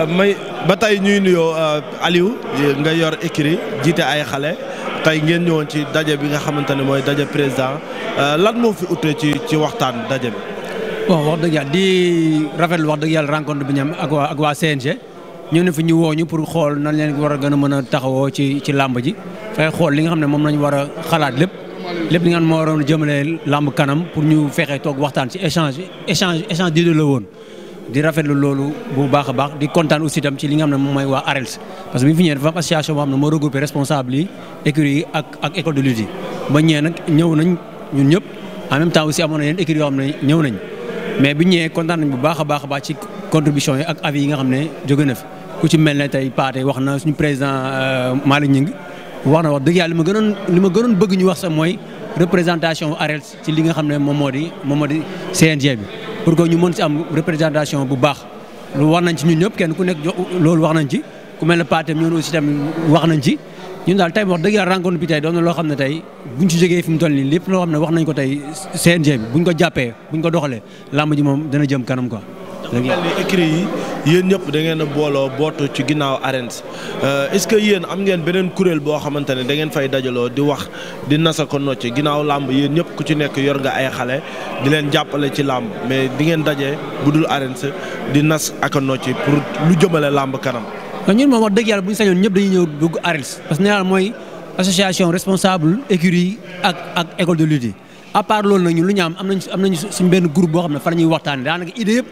Euh, may ba tey ñuy nuyoo euh, Aliou nga yor écrit jiite ay xale tey ngeen ñëwoon ci daje bi nga xamante ne mooy daje président euh, lan moo fi utee ci waxtaan daje bi. bon wax dëgg yàlla wax dëgg yàlla rencontre ñu am ak waa ak waa CNG ñëw na fi ñu woo ñu pour xool nan leen war a gën a mën a taxawoo ci ci làmb ji fexe xool li nga xam ne moom nañu war a xalaat lépp lépp li nga xam ne moo waroon jëmale làmb kanam pour ñu fexee toog waxtaan ci échange échange échange la woon. di rafetlu loolu bu baax a baax di kontaan aussi tam ci li nga xam ne moom mooy waa ARELS parce que bi ñu fi ñëwee dafa am association boo xam ne moo yi ak ak école ba ñëwee nag ñëw nañ ñun ñëpp en même temps aussi amoon na yenn écurie yoo ñëw nañ mais bi ñëwee kontaan nañ bu baax a baax a baax ci contribution yi ak avis yi nga xam ne jóge na fi ku ci mel ne tey Paate wax na suñu président euh, Malick Ngingue wax na wax dëgg yàlla ma gënoon li ma gënoon bëgg ñu wax sax mooy représentation ARELS ci li nga xam ne moom moo di moom moo di CNG bi pour que ñu mën si am représentation bu baax lu war nañ ci ñun ñëpp kenn ku nekk loolu wax nañ ci ku mel ne Pathé ñun aussi tamit wax nañ ci ñun daal tey wax dëgg yàlla rencontre bi tey doon na loo xam ne tey buñ ci jógee fi mu toll nii lépp loo xam ne wax nañ ko tey CNG bi buñ ko jàppee buñ ko doxalee làmb ji moom dana jëm kanam ko yéen ñëpp da ngeen a booloo bootu ci ginnaaw Arends euh, est-ce que yéen am ngeen beneen kuréel boo xamante ne da ngeen fay dajaloo di wax di nasa ko nocc ginnaaw làmb yéen ñëpp ku ci nekk yor nga ay xale di leen jàppale ci làmb mais di ngeen daje bu dul Arends di nas ak a nocc pour lu jëmale làmb kanam. ñun moom wax dëgg bu ñu sañoon ñëpp dañuy ñëw dugg Arends parce que nee naa mooy association responsable écurie ak ak école de lutte à part loolu nag lu ñu am am nañu am ne fa la ñuy waxtaanee daanaka idée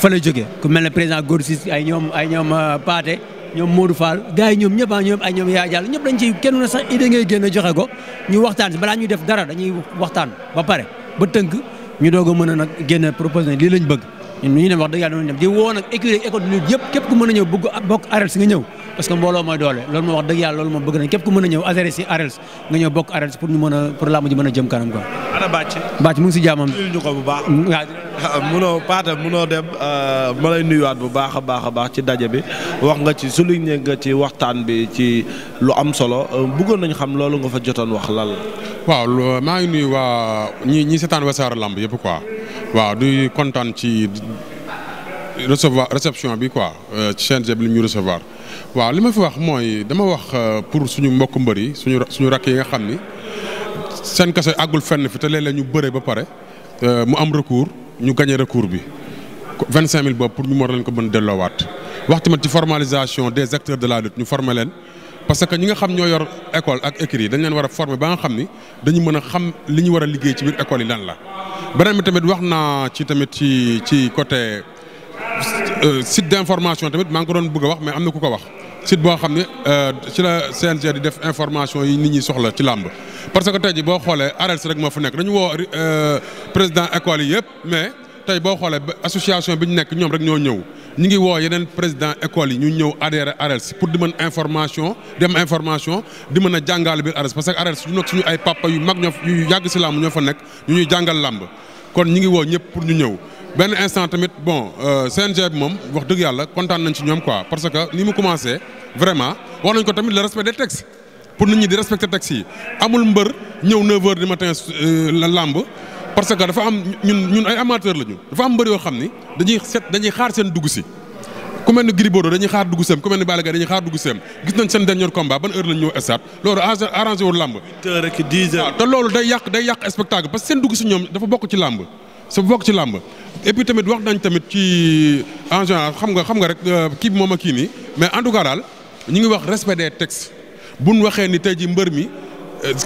fa la jógee ku mel ne président Góor Ciss ay ñoom ay ñoom euh, Paate ñoom Modou Fall gars yi ñoom ñëpp ah ñoom ay ñoom yaa jàll ñëpp dañ ci kenn na sax idée ngay génn joxe ko ñu waxtaan si balaa ñuy def dara dañuy waxtaan ba pare ba tënk ñu doog a mën a nag génn proposé lii lañ bëgg ñun ñu dem wax dëgg yàlla noonu dem di woo nag écurie école yëpp képp ku mën a ñëw bëgg bokk arène si nga ñëw parce que mbooloo mooy doole loolu moo wax dëgg yàlla loolu moom bëgg nañ képp ku mën a ñëw adhéré si ARELS nga ñëw bokk ARELS pour ñu mën a pour làmb ji mën a jëm kanam quoi. ana Bàcc. Bàcc mu ngi si jaamam. ñu ko bu baax. waaw ah, munoo Paate munoo dem euh, ma lay nuyuwaat bu baax a baax a baax ci daje bi wax nga ci souligné nga ci waxtaan bi ci lu am solo euh, bëggoon nañ xam loolu nga fa jotoon wax lan la. waaw maa ngi nuyu waa ñi ñi seetaan Wassare Lamb yëpp quoi waaw du kontaan ci. recevoir réception bi quoi euh, ci CNG lu ñu recevoir waaw li ma fi wax mooy dama wax euh, pour suñu mbokk mbër yi suñu suñu rakk yi nga xam ni seen kase àggul fenn fi te léeg-léeg ñu bëre ba pare euh, mu am recours ñu gagné recours bi vingt cinq mille boobu pour ñu mën leen ko mën delloowaat. wax tamit ci formalisation des acteurs de la lutte ñu former leen parce que ñi nga xam ñoo yor école ak écrit dañ leen war a former ba nga xam ni dañu mën a xam li ñu war a liggéey ci biir école yi lan la beneen bi tamit wax naa ci tamit ci ci côté. Euh, site d'information tamit maa ngi ko doon bëgg wax mais am na ku ko wax site boo xam ne euh, ci la CNG di def information yi nit ñi soxla ci làmb parce que tey ji boo xoolee ARELS rek moo fa nekk dañu woo euh, président école yi yëpp mais tey boo xoolee association bi ñu nekk ñoom rek ñoo ñëw ñu ngi woo yeneen président école yi ñu ñëw adhéré ARELS pour di mën information di am information di mën a jàngaale biir ARELS parce que ARELS su nekk suñu ay papa yu mag ñoo yu yàgg si làmb ñoo fa nekk ñu ñuy jàngal làmb kon ñu ngi woo ñëpp pour ñu ñëw benn instant tamit bon euh, CNG bi moom wax dëgg yàlla kontaan nañ ci ñoom quoi parce que nii mu commencé vraiment wax nañ ko tamit la respect des textes pour nit ñi di respecter textes yi amul mbër ñëw 9h du matin euh, la làmb parce que dafa am ñun ñun ay amateurs lañu dafa am mbër yoo xam ni dañuy set dañuy xaar seen dugg si. ku mel ni Gris Bordeaux dañuy xaar dugg seem ku mel ni Balla dañuy xaar dugg seem gis nañ seen dernier combat ban heure lañ ñëw stade loolu arrangé wul làmb. 8h ah, dugg si ñoom dafa bokk ci làmb. sa bokk ci làmb et puis tamit wax nañ tamit ci en général xam nga xam nga rek euh, kii bi moom a kii nii mais en tout cas daal ñu ngi wax respect des textes bu ñu waxee ni tey ji mbër mi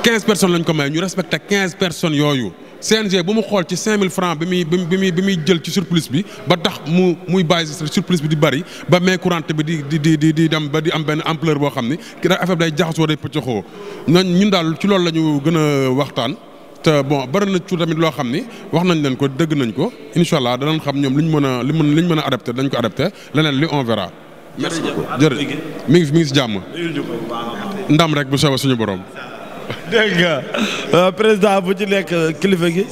15 euh, personnes lañ ko may ñu respecté quinze personnes yooyu CNG bu mu xool ci 5000 francs bi muy bi muy bi muy jël ci surplus bi ba tax mu muy bàyyi surplus bi di bëri ba main courante bi di di di di dem ba di am benn ampleur boo xam ni ki affaire day jaxasoo day pëccoxoo ñun daal ci loolu la ñu gën a waxtaan. te bon bari na ci tamit loo xam ni wax nañ leen ko dëgg nañ ko incha allah danañ xam ñoom liñ mën a li mën liñ mën a adapté dañ ko adapté leneen li on verra. merci beaucoup jërëjëf mi ngi mi ngi jàmm. ndam rek bu soobee suñu borom. dégg nga euh, président bu ci nekk kilifa gi.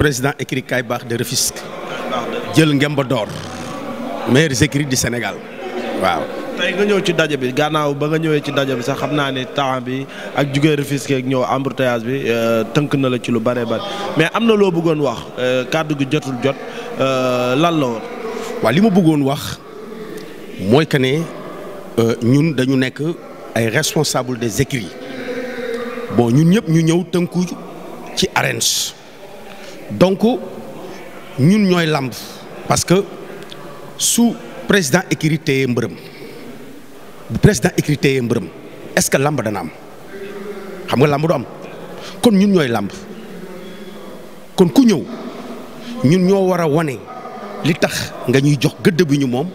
président écrit kaay baax de Rufisque. jël ngemba door. meilleur écrit du Sénégal waaw. tey nga ñëw ci daje bi gannaaw ba nga ñëwee ci daje bi sax xam naa ne temps bi ak jugee Rufisque ak ñëw embouteillage bi euh, tënk na la ci lu bare bare mais am na loo bëggoon wax euh, kàddu gi jotul jot euh, lan la woon. waaw li ma buggoon wax mooy que ne ñun dañu nekk ay responsable des écrits bon ñun ñëpp ñu ñëw tënku ci ARENS donc ñun ñooy làmb parce que su président écurie téye mbërëm bu président écrit mbërëm est-ce que làmb dana am xam nga làmb du am kon ñun ñooy làmb kon ku ñëw ñun ñoo war a wane li tax nga ñuy jox gëdd bi ñu moom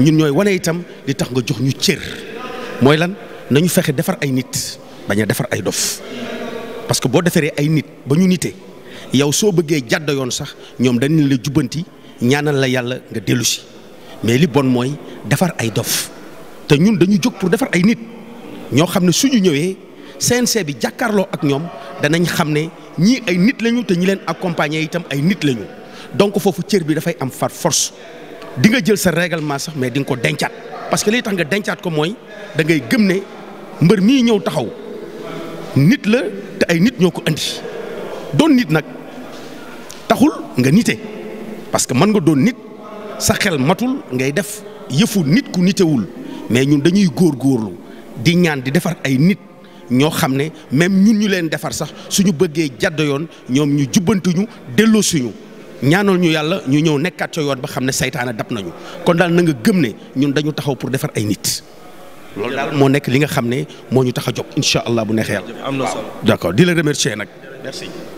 ñun ñooy wane itam li tax nga jox ñu cër mooy lan nañu fexe defar ay nit bañ a defar ay dof parce que boo defaree ay nit ba ñu nitee yow soo bëggee jàdd yoon sax ñoom dañu la jubbanti ñaanal la yàlla nga dellu si mais li bon mooy defar ay dof te ñun dañu jóg pour defar ay nit ñoo xam ne suñu ñëwee CNC bi jàkkaarloo ak ñoom danañ xam ne ñii ay nit lañu te ñi leen accompagner itam ay nit lañu donc foofu cër bi dafay am far force di nga jël sa règlement sax mais di nga ko dencaat parce que liy tax nga dencaat ko mooy da ngay gëm ne mbër mii ñëw taxaw nit la te ay nit ñoo ko andi doon nit nag taxul nga nite parce que mën nga doon nit sa xel matul ngay def yëfu nit ku nitewul. mais ñun dañuy góor góorlu di ñaan di defar ay nit ñoo xam ne même ñun ñu leen defar sax suñu bëggee jàdd yoon ñoom ñu jubbantuñu delloo suñu ñaanal ñu yàlla ñu ñëw nekkaat ca yoon ba xam ne saytaana dab nañu kon daal na nga gëm ne ñun dañu taxaw pour defar ay nit. loolu daal moo nekk li nga xam ne moo ñu tax a jóg incha allah bu neexee yàlla. am na solo di la remercier nag